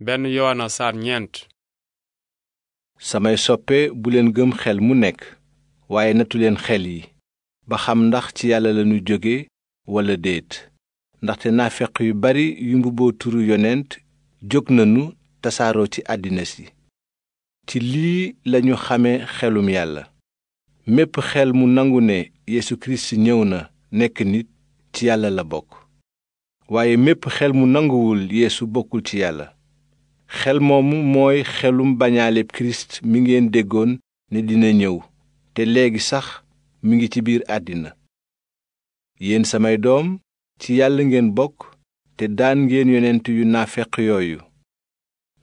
benn yoona saar samay soppe bu leen gëm xel mu nekk waaye natu leen xel yi ba xam ndax ci yàlla lanu jóge walla déet ndaxte naafeq yu bari yu mbubboo turu yonent jóg nanu tasaaroo ci àddina si ci lii lañu xame xelum yàlla mépp xel mu nangu ne Yesu Kirist ñëw na nekk nit ci yàlla la bokk waaye mépp xel mu nanguwul Yesu bokkul ci yàlla xel moomu mooy xelum bañaaleb kirist mi ngeen déggoon ne dina ñëw te léegi sax mi ngi ci biir àddina yéen samay doom ci yàlla ngeen bokk te daan ngeen yonent yu naafeq yooyu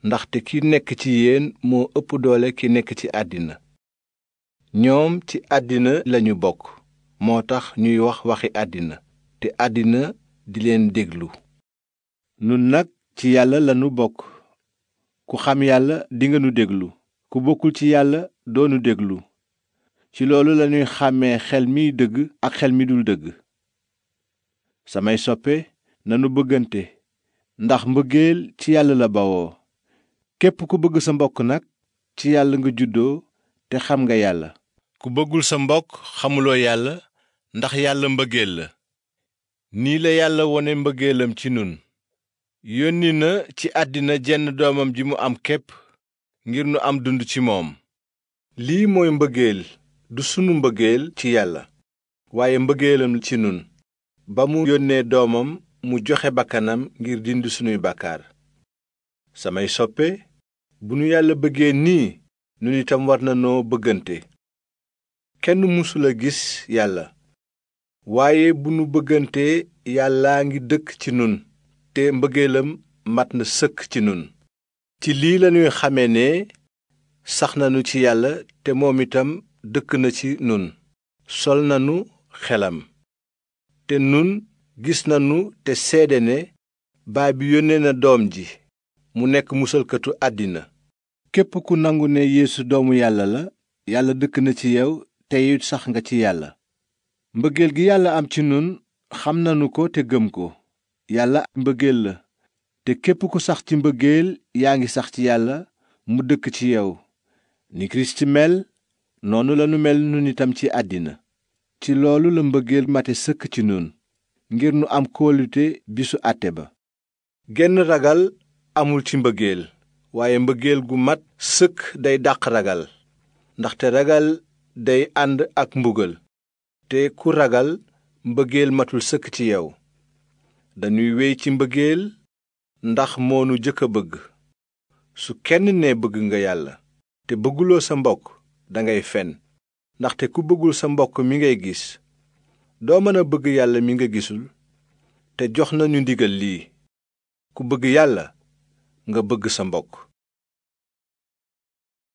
ndaxte ki nekk ci yéen moo ëpp doole ki nekk ci àddina ñoom ci àddina lañu bokk moo tax ñuy wax waxi àddina te àddina di leen déglu nun nag ci yàlla lanu bokk ku xam yàlla dinga nu déglu ku bokkul ci yàlla doonu déglu ci loolu lañuy xàmmee xel miy dëgg ak xel mi dul dëgg samay soppe nanu bëggante ndax mbëggeel ci yàlla la bawoo képp ku bëgg sa mbokk nag ci yàlla nga juddoo te xam nga yàlla ku bëggul sa mbokk xamuloo yàlla ndax yàlla mbëggeel la nii la yàlla wone mbëggeelam ci nun yónni na ci àddina jenn doomam ji mu am képp ngir nu am dund ci moom lii mooy mbëggeel du sunu mbëggeel ci yàlla waaye mbëggeelam ci nun ba mu yónnee doomam mu joxe bakkanam ngir dindi sunuy bàkkaar samay soppe bu nu yàlla bëggee nii nun itam war na noo bëggante kenn mësul a gis yàlla waaye bu nu bëggantee yàllaa ngi dëkk ci nun te mbëggeelam mat na sëkk ci nun ci lii lañuy xame ne sax nañu ci yàlla te moom itam dëkk na ci nun sol nanu xelam te nun gis nanu te seede ne baay bi yónnee na doom ji mu nekk musalkatu àddina képp ku nangu ne yeesu doomu yàlla la yàlla dëkk na ci yow te sax nga ci yàlla mbëggeel gi yàlla am ci nun xam nanu ko te gëm ko yàlla mbëggeel la te képp ku sax ci mbëggeel yaa ngi sax ci yàlla mu dëkk ci yow ni kirist mel noonu lanu mel nun itam ci àddina ci loolu la mbëggeel mate sëkk ci noon ngir nu am kóolute bisu àtte ba genn ragal amul ci mbëggeel waaye mbëggeel gu mat sëkk day dàq ragal ndaxte ragal day ànd ak mbugal te ku ragal mbëggeel matul sëkk ci yow dañuy wéy ci mbëggeel ndax moonu jëkk a bëgg su kenn nee bëgg nga yàlla te bëgguloo sa mbokk dangay fen ndaxte ku bëggul sa mbokk mi ngay gis doo mën a bëgg yàlla mi nga gisul te jox nañu ndigal lii ku bëgg yàlla nga bëgg sa mbokk